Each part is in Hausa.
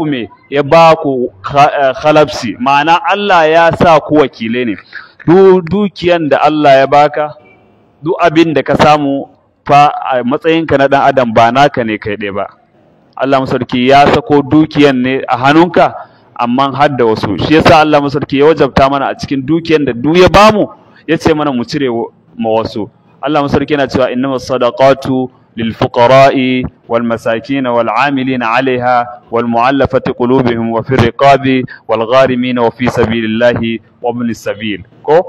me ya ba ku eh, khalafsi ma'ana Allah ya sa ku wakile ne dukiyan da Allah ya baka duk abin da ka samu fa a matsayinka na dan adam ba naka ne kai dai ba Allah masarki ya sako dukiyan ne a hannunka amma har da wasu shi yasa Allah masarki ya wajabta mana a cikin dukiyan da duk ya bamu yace mana mu cire ma wasu Allah masarki yana cewa innamas sadaqatu للفقراء والمساكين والعاملين عليها والمعلفة قلوبهم وفي الرقاب والغارمين وفي سبيل الله وابن السبيل كو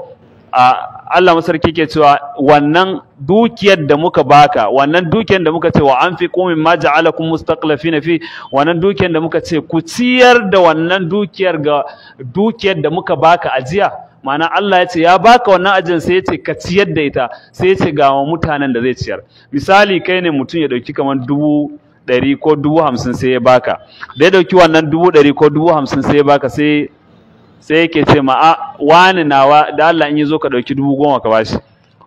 Allah masarki ke cewa wannan dukiyar da muka baka wannan dukiyar da muka ce wa anfiqu mimma ja'alakum mustaqlifina fi wannan dukiyar da muka ce ku ciyar da wannan dukiyar ga dukiyar da muka baka ajiya ma'ana Allah ya ce ya baka wannan ajin sai ya ce ka ciyar da ita sai ya ce ga mutanen da zai ciyar misali kai ne mutum ya dauki kamar dubu ɗari ko dubu hamsin sai ya baka da ya dauki wannan dubu ɗari ko dubu hamsin sai ya baka sai sai yake ce ma a wani nawa da Allah in yi zo ka dauki dubu goma ka bashi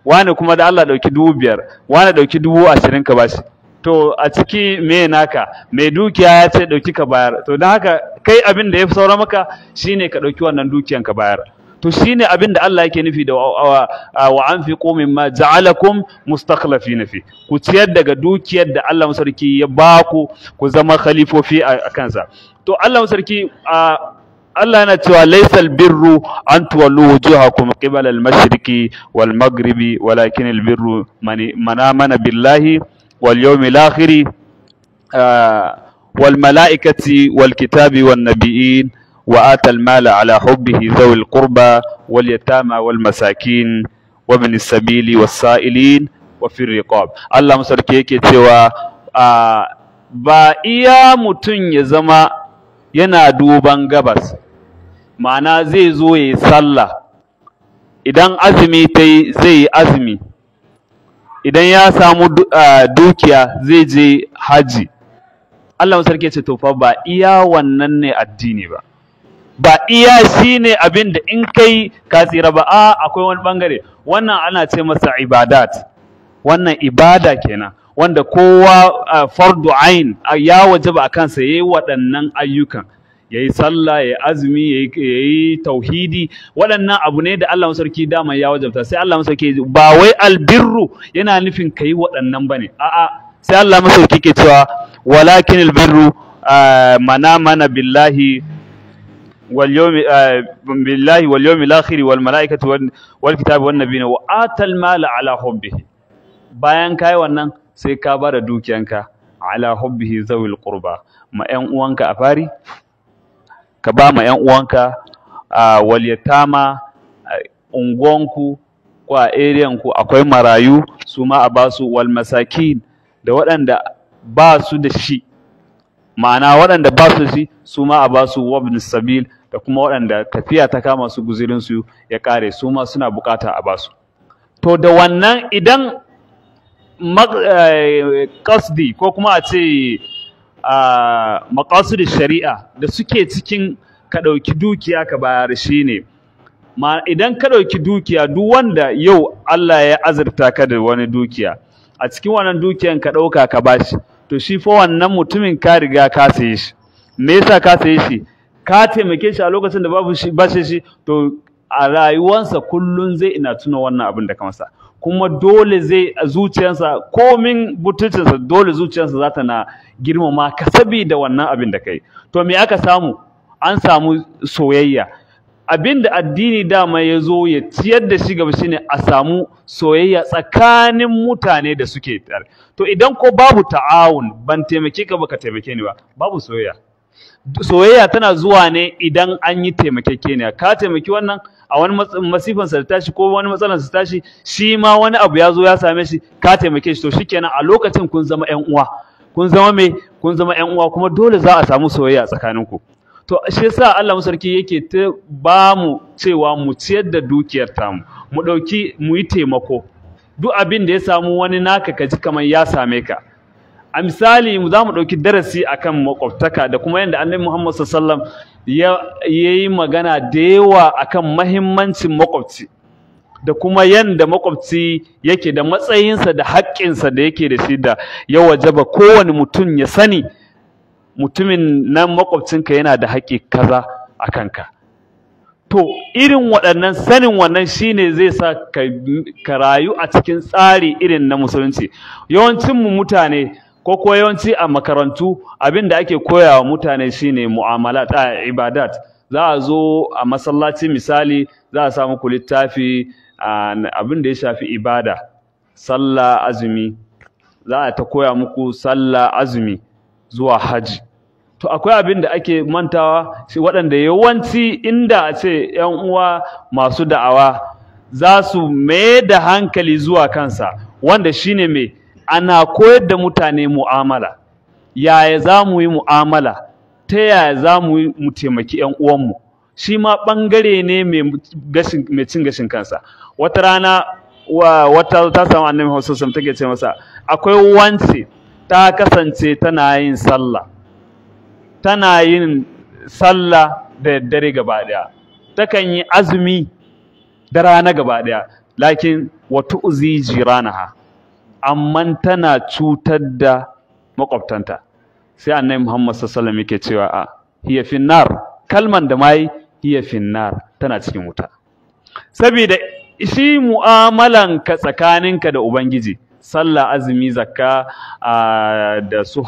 wani kuma da Allah dauki dubu biyar wani dauki dubu ashirin ka bashi to a ciki me naka mai dukiya ya ce dauki ka bayar to don haka kai abin da ya fi saura maka shine ka dauki wannan dukiyan ka bayar to shine abin da Allah yake nufi da wa anfiqu mimma ja'alakum mustakhlifina fi ku ciyar daga dukiyar da Allah musarki ya baku ku zama khalifofi a kansa to Allah musarki Allah yana cewa laisal birru an tuwallu wujuhakum qibala al-mashriqi wal maghribi walakin al-birru man amana billahi wal yawmil akhir wal malaikati wal kitabi wan nabiyyin وآتى المال على حبه ذوي القربى واليتامى والمساكين وابن السبيل والسائلين وفي الرقاب الله مسرki yake cewa ba iya mutum ya zama yana duban gabas ma'ana zai zo ya yi sallah idan azumi ta yi zai yi azumi idan ya samu dukiya zai je haji Allah sarki ce to fa ba iya wannan ne addini ba ba iya shi ne abin da in kai ka tsira ba a akwai wani bangare wannan ana ce masa ibadat wannan ibada kenan wanda kowa fardu ain ya ba a kansa yayi waɗannan ayyukan yayi sallah yayi azumi yayi tauhidi waɗannan abu ne da Allah sarki dama ya wajabta sai Allah sarki ba wai albirru yana nufin kai waɗannan bane a'a sai Allah sarki ke cewa walakin albirru mana mana billahi واليوم بالله واليوم الآخر والملائكة والكتاب والنبيين وآتى المال على حبه bayan kai wannan sai ka bada dukiyanka ala hubbihi zawil qurba ma 'yan uwanka a fari ka ba ma 'yan uwanka wal yatama ungonku ko a area ku akwai marayu su ma a basu wal masakin da waɗanda ba su da shi ma'ana waɗanda ba su shi su ma a basu wabn wabin sabil da kuma waɗanda tafiya ta kama su guzirinsu ya ƙare su ma suna bukata a basu to da wannan idan kasdi eh, ko kuma a ce makasudi shari'a da suke cikin ka ɗauki dukiya ka bayar shi ne idan ka ɗauki dukiya duk wanda yau Allah ya azurta ka da wani dukiya a cikin wannan dukiyan ka ɗauka ka bashi to shi fa wannan mutumin ka riga ka saye shi me yasa ka saye shi ka taimake shi a lokacin da babu shi bashi shi to a rayuwansa kullun zai ina tuna wannan abin da kamasa. kuma dole zai a zuciyarsa komin butucinsa dole zuciyarsa za ta na girmama ka sabida wannan abin da kai to me aka samu an samu soyayya abin da addini dama ya zo ya ciyar da shi gaba shine a samu soyayya tsakanin mutane da suke tare to idan ko babu ta'awun ban taimake ka ba ka taimake ni ba babu soyayya soyayya tana zuwa ne idan an yi ne ka taimaki wannan a wani masifansa da tashi ko wani matsalarsa ta tashi shi ma wani abu ya zo ya same shi ka taimake shi to shikenan a lokacin kun zama ƴan uwa kun zama me kun zama ƴan uwa kuma dole za a samu soyayya tsakaninku to shi yasa Allah musarki yake ta ba mu cewa mu ciyar da dukiyar ta mu ɗauki mu yi taimako duk abin da ya samu wani naka kaji kamar ya same ka a misali za mu ɗauki darasi akan maƙwabtaka. da kuma yadda annabi Muhammad sallallahu ya yi magana da yawa akan mahimmancin maƙwabci. da kuma yadda maƙwabci yake da matsayinsa da haƙƙinsa da yake da shi da ya wajaba kowane mutum ya sani mutumin nan maƙwabcinka yana da haƙƙi kaza a kanka to irin waɗannan sanin wannan shine zai sa ka rayu a cikin tsari irin na musulunci yawancinmu mutane ko ko yawanci a makarantu abin da ake koya wa mutane shine mu'amala a ibadat za a zo a masallaci misali za a samu ku littafi abin da ya shafi ibada sallah azumi za a ta koya muku sallah azumi zuwa haji to akwai abin da ake mantawa shi waɗanda yawanci inda a ce ‘yan uwa masu da'awa za su mai da hankali zuwa kansa wanda shine mai ana koyar da mutane mu'amala yaya za mu yi mu'amala ta yaya za mu yi mu taimaki 'yan uwanmu shi ma ɓangare ne mai cin gashin kansa wata rana wata ta samu annabi hausa take ce masa akwai wance ta kasance tana yin sallah tana yin sallah da dare gaba daya takan yi azumi da rana gaba daya lakin wa tu'zi jiranaha amma tana cutar da makwabtanta sai annabi Muhammad sallallahu alaihi yake cewa a hiya finnar kalman da mai hiya finnar tana cikin wuta saboda shi mu'amalan ka tsakaninka da ubangiji sallah azumi zakka da su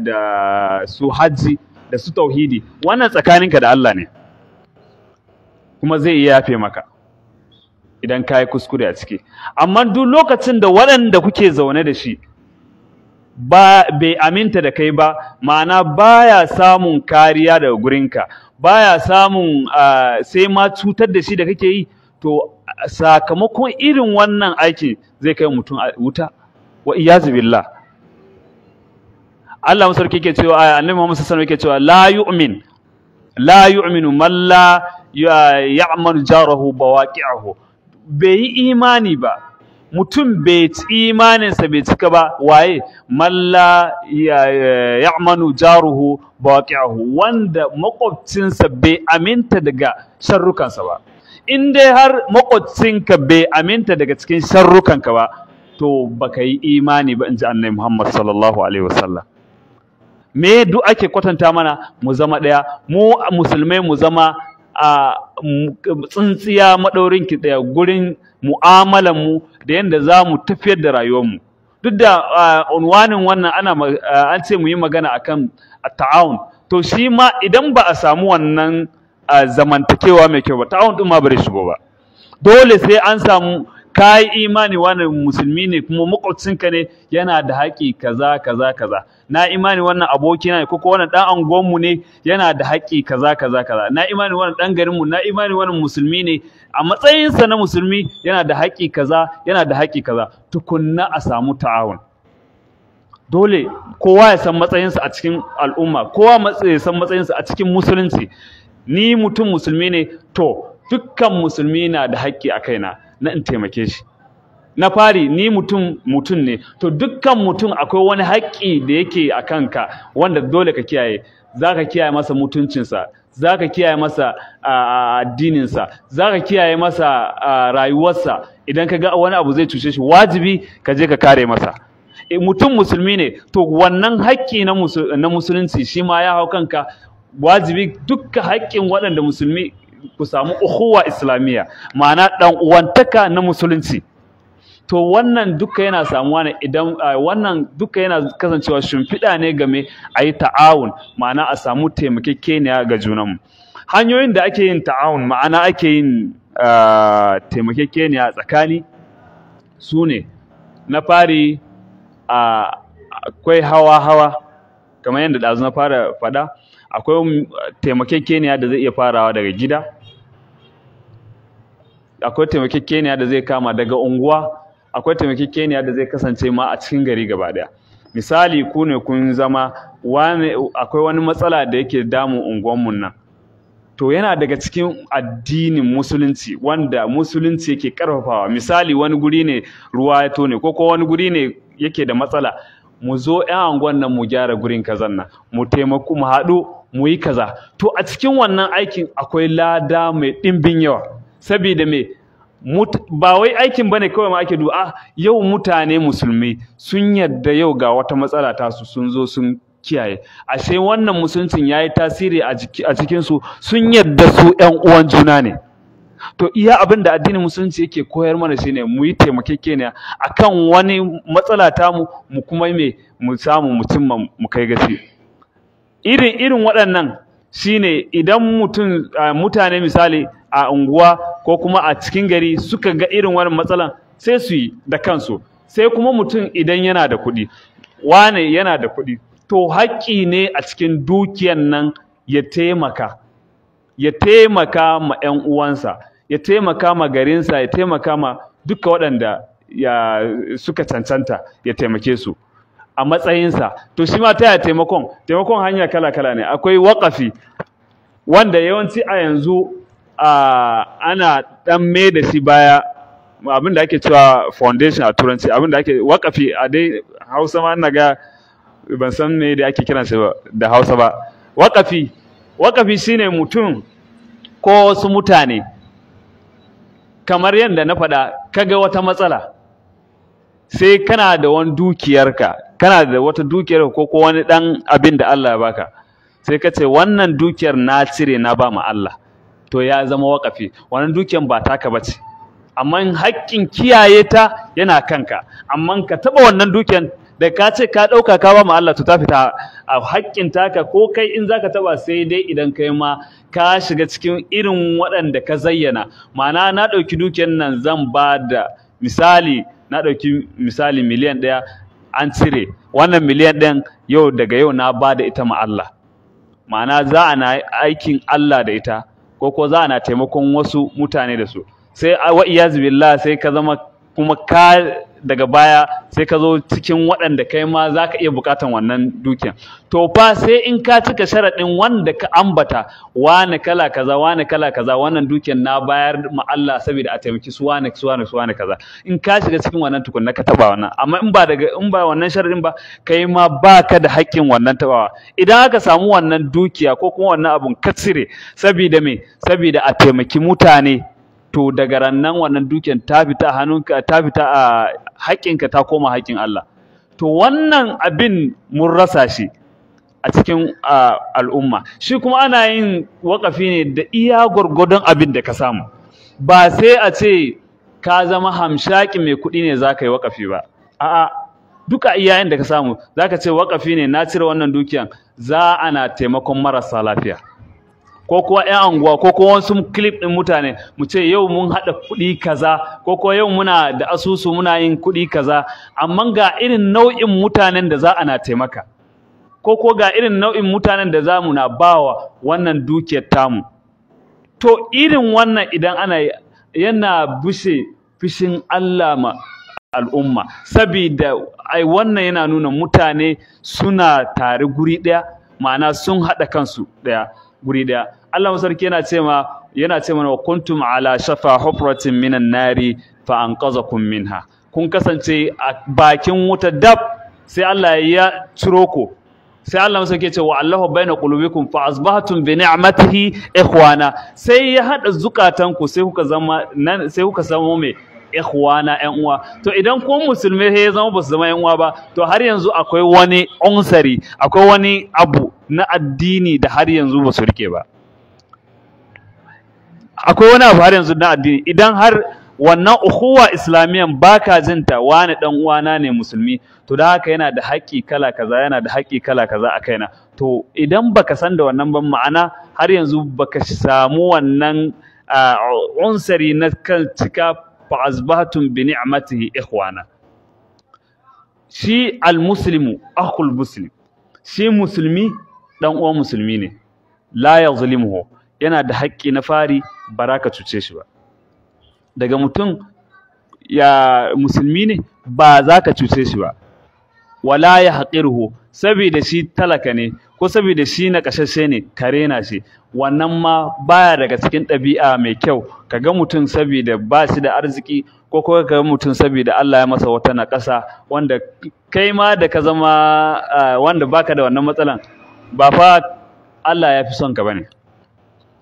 da su haji da su tauhidi wannan tsakaninka da Allah ne kuma zai iya yafe maka idan ka yi kuskure a ciki amma duk lokacin da waɗanda kuke zaune da shi bai aminta da kai ba ma'ana baya samun kariya daga gurinka baya samun sai ma cutar da shi da kake yi to sakamakon irin wannan aiki zai kai mutum wuta wa iyazu billah Allah masarki yake cewa annabi Muhammad sallallahu alaihi wasallam yake cewa la yu'min la yu'minu man la jarahu bawaqi'ahu bai yi imani ba mutum bai imaninsa bai cika ba waye malla amanu jaruhu baqi'ahu wanda makwabcinsa bai aminta daga sharrukansa ba in dai har makwabcinka bai aminta daga cikin sharrukanka ba to baka yi imani ba in ji annabi Muhammad sallallahu alaihi wasallam me duk ake kwatanta mana mu zama daya mu musulmai mu zama a tsintsiya maɗaurin ki ɗaya gurin mu'amalanmu da yadda za mu tafiyar da rayuwar mu duk da unwanin wannan ana an ce mu yi magana akan ta'awun to shi ma idan ba a samu wannan zamantakewa mai kyau ba ta'awun ɗin ma bare shi ba dole sai an samu ka yi imani wannan musulmi ne kuma makwabcinka ne yana da haƙƙi kaza kaza kaza na imani wannan abokina ne ko wannan ɗan mu ne yana da haƙƙi kaza kaza kaza na imani wannan ɗan garinmu na imani wannan musulmi ne a matsayinsa na musulmi yana da haƙƙi kaza yana da haƙƙi kaza tukunna a samu ta'awun dole kowa ya san matsayinsa a cikin al'umma kowa ya san matsayinsa a cikin musulunci ni mutum musulmi ne to dukkan musulmi na da haƙƙi a kaina na in taimake shi na fari ni mutum mutum ne to dukkan mutum akwai wani haƙƙi da yake a kanka wanda dole ka kiyaye za ka kiyaye masa mutuncinsa za ka kiyaye masa addininsa za ka kiyaye masa rayuwarsa idan ka ga wani abu zai cuce shi wajibi ka je ka kare masa eh, mutum musulmi ne to wannan haƙƙi na musulunci shi ma ya hau kanka wajibi dukkan haƙƙin waɗanda musulmi ku samu ukhuwa islamiyya ma'ana dan uwantaka na musulunci to wannan duka yana samuwa ne idan wannan duka yana kasancewa shimfiɗa ne game ayi ta'awun ma'ana a samu taimakekeniya ga junanmu hanyoyin da ake yin ta'awun ma'ana ake yin taimakekeniya tsakani sune ne na fari akwai hawa-hawa kamar yadda ɗazu na fara faɗa akwai taimakekeniya da zai iya farawa daga gida akwai taimakekeniya da zai kama daga unguwa akwai taimakekeniya da zai kasance ma a cikin gari gaba daya misali ku ne kun zama akwai wani matsala da yake damun unguwanmu nan to yana daga cikin addinin musulunci wanda musulunci yake karfafawa misali wani guri ne ruwa ya tone ko ko wani guri ne yake da matsala mu zo ƴan anguwan nan mu gyara gurin kazan nan mu taimako mu haɗu mu yi kaza to a cikin wannan aikin akwai lada mai ɗimbin yawa saboda me ba wai aikin bane kawai ma ake du'a ah, yau mutane musulmi sun yadda yau ga wata matsala ta su sun zo sun kiyaye ashe wannan musuncin yayi tasiri a cikin su sun yadda su ƴan uwan juna ne to iya abin da addinin musulunci yake koyar mana shine mu yi taimakekeniya akan wani matsala ta mu mu kuma me mu samu mu cimma mu kai gaci irin irin waɗannan shine idan mutum mutane misali a unguwa ko kuma a cikin gari suka ga irin wani matsala sai su yi da kansu sai kuma mutum idan yana da kuɗi wane yana da kuɗi to haƙƙi ne a cikin dukiyan nan ya taimaka ya taimaka ma 'yan uwansa ya taimaka ma garinsa ya taimaka ma duka waɗanda suka cancanta ya taimake su a matsayinsa to shi ma ta taimakon taimakon hanya kala-kala ne akwai waƙafi wanda yawanci a yanzu ana ɗan mai da shi baya abin da ake cewa foundation a turanci abin da ake waƙafi a dai hausa ma na ga ban san me da ake kiran shi da hausa ba waƙafi waƙafi shine mutum ko wasu mutane kamar yadda na faɗa kaga wata matsala sai kana da wani dukiyarka kana da wata dukiyar ko ko wani dan abin da Allah ya baka sai ka ce wannan dukiyar na cire na ba mu Allah to ya zama wakafi, wannan dukiyar ba taka bace amma haƙƙin kiyaye ta yana kanka amma ka taba wannan dukiyar da ka ce ka ɗauka ka ba mu Allah to ta fita a hakkin taka ko kai in zaka taba sai dai idan kai ma ka shiga cikin irin waɗanda ka zayyana ma'ana na ɗauki dukiyar nan zan ba da misali na ɗauki misali miliyan ɗaya an cire wannan miliyan ɗin yau daga yau na ba da ita ma Allah ma'ana za a na aikin Allah da ita ko ko za a na taimakon wasu mutane da su sai wa iyaz billah sai ka zama kuma ka daga baya sai ka zo cikin waɗanda kai ma za ka iya buƙatan wannan dukiya. to fa sai in ka cika sharaɗin wanda ka ambata wane kala kaza wane kala kaza wannan dukiyan na bayar ma Allah saboda a taimaki su wane su wane su wane kaza in ka shiga cikin wannan tukunna ka taba wannan amma in ba daga in ba wannan sharaɗin ba kai ma ba ka da haƙƙin wannan tabawa idan aka samu wannan dukiya ko kuma wannan abun ka cire saboda me saboda a taimaki mutane to daga rannan wannan dukiyar ta fita hannunka ta fita a haƙƙinka ta koma haƙƙin Allah to wannan abin mun rasa shi a cikin al'umma shi kuma ana yin waƙafi ne da iya gwargwadon abin da ka samu ba sai a ce ka zama hamshaki mai kuɗi ne za ka yi wakafi ba a'a duka iyayen da ka samu za ka ce waƙafi ne na cire wannan dukiyan za ana taimakon marasa lafiya ko kuwa 'yan anguwa ko kuwa wasu clip ɗin mutane mu ce yau mun haɗa kuɗi kaza ko kuwa yau muna da asusu muna yin kuɗi kaza amma ga irin nau'in mutanen da za a na taimaka ko kuwa ga irin nau'in mutanen da za mu na bawa wannan dukiyar tamu to irin wannan idan ana yana bushe fishin Allah ma al'umma sabida ai wannan yana nuna mutane suna tare guri ɗaya ma'ana sun haɗa kansu ɗaya guri daya Allah sarki yana ce ma yana ce wa kuntum ala shafa hufratin minan nari fa anqazakum minha kun kasance a bakin wuta dab sai Allah ya ciro ku sai Allah masa ce wa Allahu baina qulubikum fa asbahatum bi ni'matihi ikhwana sai ya hada ku sai kuka zama sai kuka samu me na ƴan uwa to idan ko musulmi sai ya zama ba su zama ƴan uwa ba to har yanzu akwai wani onsari akwai wani abu na addini da har yanzu ba su rike ba akwai wani abu har yanzu na addini idan har wannan ukhuwa islamiyan baka jinta wani dan uwana ne musulmi to da haka yana da haƙƙi kala kaza yana da haƙƙi kala kaza a kaina to idan baka san da wannan ban ma'ana har yanzu baka samu wannan ah, unsari na kan cika fa bi ni'matihi ikhwana shi almuslimu akhul muslim shi musulmi dan uwan musulmi ne la yazlimuhu yana da haƙƙi na fari baraka cuce shi ba daga mutum ya musulmi ne ba za ka cuce shi ba wala ya haƙirhu saboda shi talaka ne ko saboda shi na kashashe ne kare na shi wannan ma baya daga cikin ɗabi'a mai kyau ka ga mutum saboda ba shi da arziki ko kuma ka ga mutum saboda Allah ya masa wata naƙasa wanda kai ma da ka zama wanda baka da wannan matsalan ba fa Allah ya fi son ka bane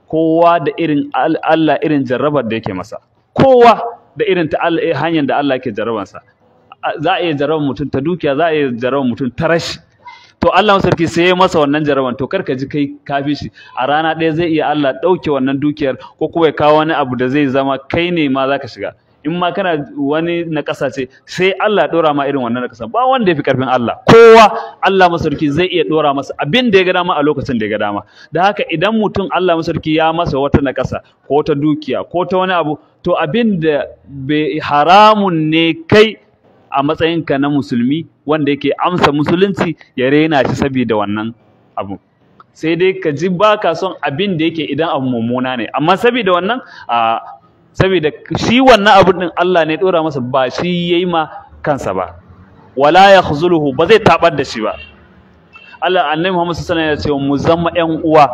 kowa da irin Allah irin jarrabar da yake masa kowa da irin ta hanyar da Allah yake jarrabansa za a iya jarrabar mutum ta dukiya za a iya jarrabar mutum ta rashi to Allah sarki sai ya masa wannan jaraban to kar ka ji kai ka fi shi a rana ɗaya zai iya Allah ɗauke wannan dukiyar ko kuma ya kawo wani abu da zai zama kai ne ma zaka shiga in ma kana wani na ƙasa ce sai Allah ɗora ma irin wannan na ƙasa ba wanda ya fi ƙarfin Allah kowa Allah masarki zai iya ɗora masa abin da ya ga dama a lokacin da ya ga dama da haka idan mutum Allah masarki ya masa wata na ƙasa ko ta dukiya ko ta wani abu to abin da bai haramun ne kai a matsayinka na musulmi wanda yake amsa musulunci ya rena shi saboda wannan abu sai dai ka ji ba ka son abin da yake idan abu mummuna ne amma saboda wannan a saboda shi wannan abu din Allah ne dora masa ba shi yayi ma kansa ba wala yakhzuluhu ba zai tabar da shi ba Allah annabi Muhammad sallallahu alaihi wasallam ya ce mu zama ƴan uwa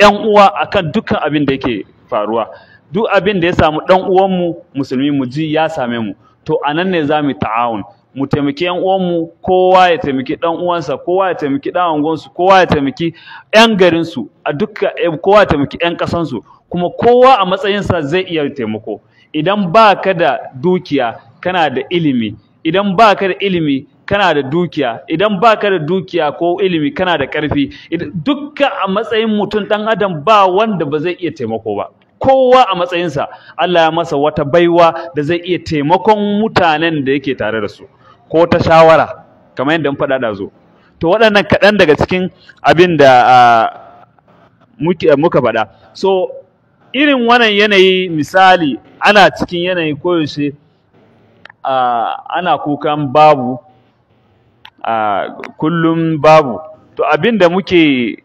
ƴan uwa akan dukkan abin da yake faruwa duk abin da ya samu ɗan uwanmu musulmi mu ji ya same mu to anan ne za mu ta'awun mu taimaki ƴan uwanmu kowa ya taimaki ɗan uwansa kowa ya taimaki ɗan angonsu kowa ya taimaki yan garinsu, a duka eh, kowa ya taimaki yan ƙasansu? kuma kowa a matsayinsa zai iya taimako idan ba ka da dukiya kana da ilimi idan ba ka da ilimi kana da dukiya idan ba ka da dukiya ko ilimi kana da ƙarfi, dukka a matsayin mutum ɗan adam ba wanda ba zai iya taimako ba kowa a matsayinsa Allah ya masa wata baiwa da zai iya taimakon mutanen da yake tare da su ko ta shawara kamar yadda mun faɗa da zo to waɗannan kaɗan daga cikin abin da muka faɗa so irin wannan yanayi misali ana cikin yanayi koyaushe ana kukan babu kullum babu to abin da muke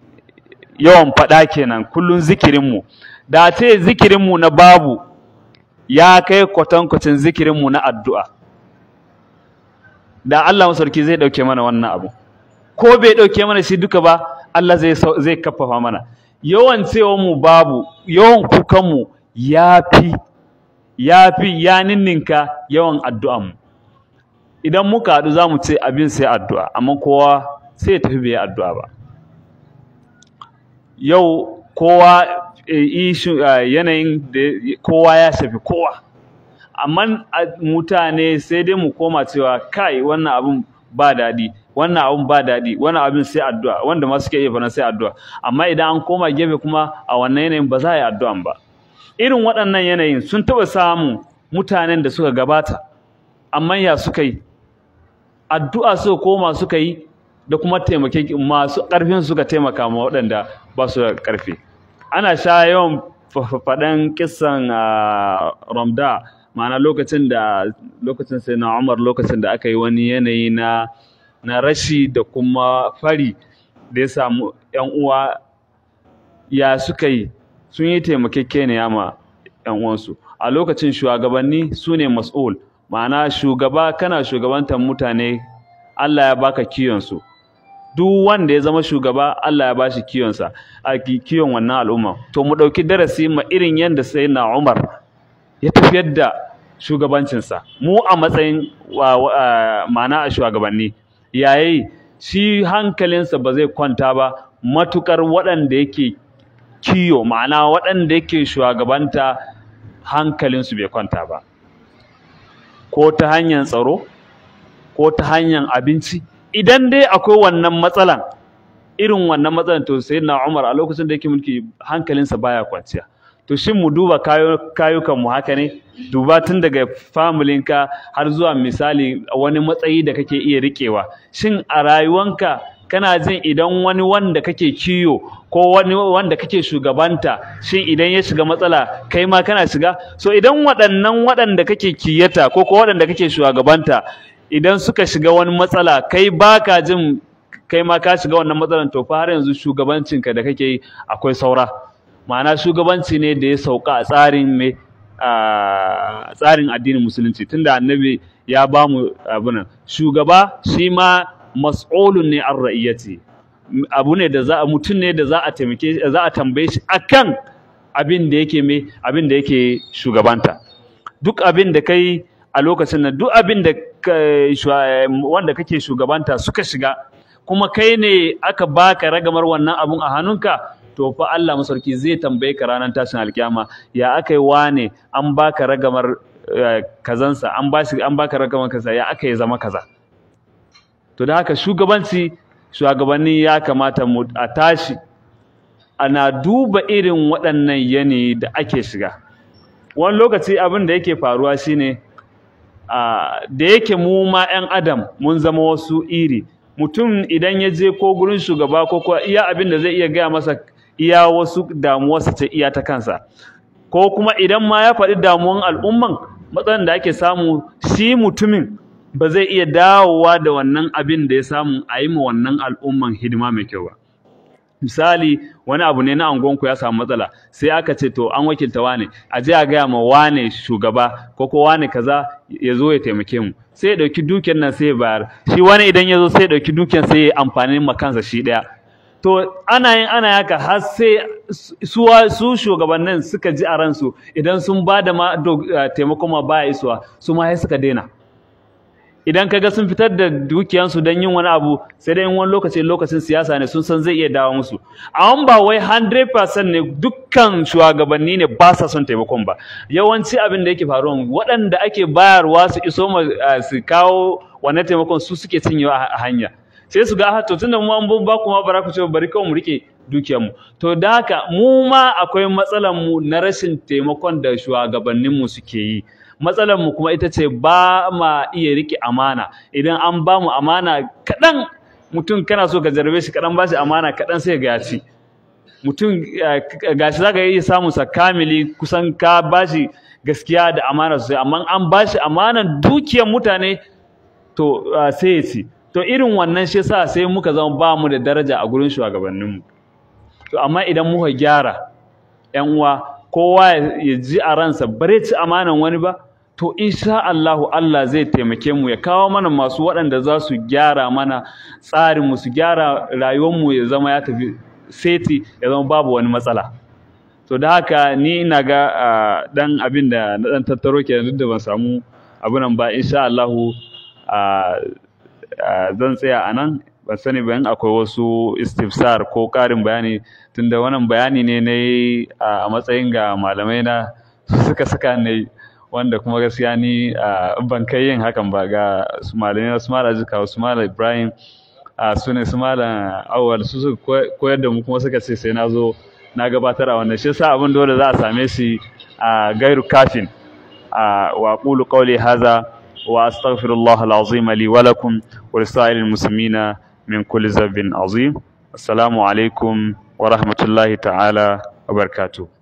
yawan faɗa kenan kullum zikirinmu mu da ce zikirinmu na babu ya kai kwatankwacin zikirinmu na addu'a da Allah masarki zai ɗauke mana wannan abu ko bai ɗauke mana shi duka ba Allah zai kafafa mana yawan cewonmu babu yawan kukanmu ya fi ya fi ya ninninka yawan addu'anmu idan muka haɗu za mu ce abin sai addu'a amma kowa sai ya tafi bai addu'a ba yau kowa Eh, ah, yanayin da kowa ya shafi kowa amma ah, mutane sai dai mu koma cewa kai wannan abin ba daɗi wannan abin ba daɗi wannan abin sai addu'a wanda ma suke iya fara sai addu'a amma idan an koma gefe kuma a wannan yanayin ba za a yi addu'an ba irin waɗannan yanayin sun taɓa samun mutanen da suka gabata amma ya suka yi addu'a suka koma suka yi da kuma taimake masu ƙarfin suka taimaka ma waɗanda ba su da ƙarfi ana sha yawan faɗan kisan ah, ramda ma'ana lokacin da lokacin sai na umar lokacin da aka yi wani yanayi na rashi da kuma fari da ya samu yan uwa ya suka yi sun yi taimakekeniya ma yan uwansu a lokacin shugabanni su ne mas'ul ma'ana shugaba kana shugabantar mutane Allah ya baka kiyonsu duk wanda ya zama shugaba Allah ya bashi kiyon sa a kiyon wannan al'umma to mu dauki darasi ma irin yanda na Umar ya tafiyar da shugabancin sa mu a matsayin ma'ana a shugabanni yayi shi hankalinsa ba zai kwanta ba matukar waɗanda yake kiyo ma'ana waɗanda yake shugabanta hankalinsu bai kwanta ba ko ta hanyar tsaro ko ta hanyar abinci idan dai akwai wannan matsalan irin wannan matsalan to na Umar a lokacin da yake mulki hankalinsa baya kwanciya to shin mu duba kayukan mu haka ne duba tun daga familinka har zuwa misali wani matsayi da kake iya rikewa shin a rayuwanka kana jin idan wani wanda kake kiyo ko wani wanda kake shugabanta shin idan ya shiga matsala kai ma kana shiga so idan waɗannan waɗanda kake kiyata ko ko waɗanda kake shugabanta idan suka shiga wani matsala kai baka jin kai ma ka shiga wannan matsalan to fa har yanzu shugabancinka da kake yi akwai saura ma'ana shugabanci ne da ya sauka a tsarin me a tsarin addinin musulunci tunda annabi ya ba mu abin shugaba shi ma mas'ulun ne an ra'iyati abu ne da za a mutum ne da za a taimake za a tambaye shi akan abin da yake me abin da yake shugabanta duk abin da kai a lokacin nan duk abin da wanda kake shugabanta suka shiga kuma kai ne aka baka ragamar wannan abun a hannunka to fa Allah masarki zai tambaye ka ranar tashin alkiyama ya aka yi wane an baka ragamar eh, kazansa an ba an baka ragamar kaza ya aka yi zama kaza to da haka shugabanci shugabanni ya kamata mu a tashi ana duba irin waɗannan yanayi da ake shiga wani lokaci abin da yake faruwa shine da yake mu ma 'yan adam mun zama wasu iri mutum idan ya je ko gurin shugaba ko kuwa iya abin da zai iya gaya masa iya wasu damuwarsa ce iya ta kansa ko kuma idan ma ya faɗi damuwan al'umman matsalan da ake samu shi mutumin ba zai iya dawowa da wannan abin da ya samu a yi ma wannan al'umman hidima mai kyau ba misali wani abu ne na angonku ya samu matsala sai aka ce to an wakilta wane a je a gaya ma wane shugaba ko ko wane kaza ya zo ya taimake mu sai ya ɗauki dukiyar nan sai ya bayar shi wani idan ya zo sai ya ɗauki dukiyar sai ya amfani ma kansa shi ɗaya to ana yin ana yaka har sai su su shugabannin suka ji a ransu idan sun ba da eh, taimako ma baya isuwa su ma sai suka daina idan ka ga sun fitar da dukiyansu don yin wani abu sai dai wani lokaci lokacin siyasa ne sun san zai iya dawo musu amma ba wai 100% ne dukkan shugabanni ne ba sa son taimakon ba yawanci abin da yake faruwa waɗanda ake bayarwa su iso su kawo wannan taimakon su suke cinyewa a hanya sai su ga ah, to tunda mu an ba kuma bara ku ce bari kawai mu rike mu to da haka mu ma akwai matsalar mu na rashin taimakon da mu suke yi matsalar mu kuma ita ce ba ma iya rike amana idan an ba mu amana kaɗan mutum kana so ka jarabe shi kaɗan ba shi amana kaɗan sai ga shi. mutum eh, ga za zaka iya samun sa kamili kusan ka ba shi gaskiya da amana sosai amma an ba shi amanan dukiyar mutane to eh, sai ya ci to irin wannan shi yasa sai muka zama ba mu da daraja a gurin shugabanninmu to amma idan muka gyara 'yan uwa kowa ya ji a ransa bare ci amanan wani ba to insha Allahu Allah zai taimake mu ya kawo mana masu waɗanda za su gyara mana tsarinmu su gyara rayuwar mu ya zama ya tafi seti ya zama babu wani matsala to da haka ni ina ga dan abin da na dan tattaro ke duk da ban samu abin nan ba insha Allahu zan tsaya a nan ban sani bayan akwai wasu istifsar ko ƙarin bayani tunda wannan bayani ne nayi yi a matsayin ga malamai na suka saka na wanda kuma gaskiya ni ban kai yin hakan ba ga su malamai su malam Azikawa su Ibrahim su ne su Awal su su koyar da mu kuma suka ce sai na zo na gabatar a wannan shi sa abin dole za a same shi a gairu kafin wa qulu qawli hadha wa astaghfirullah alazim li wa lakum wa min kulli azim assalamu alaikum wa rahmatullahi ta'ala wa barakatuh